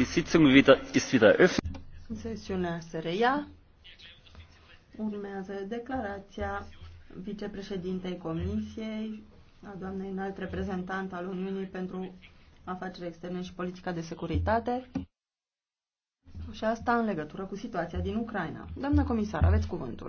Die Sitzung wieder, ist wieder eröffnet. Sesiunea se reia. Urmează declarația vicepreședintei Comisiei, a doamnei înalt reprezentant al Uniunii pentru afaceri externe și politica de securitate și asta în legătură cu situația din Ucraina. Doamna comisar, aveți cuvântul.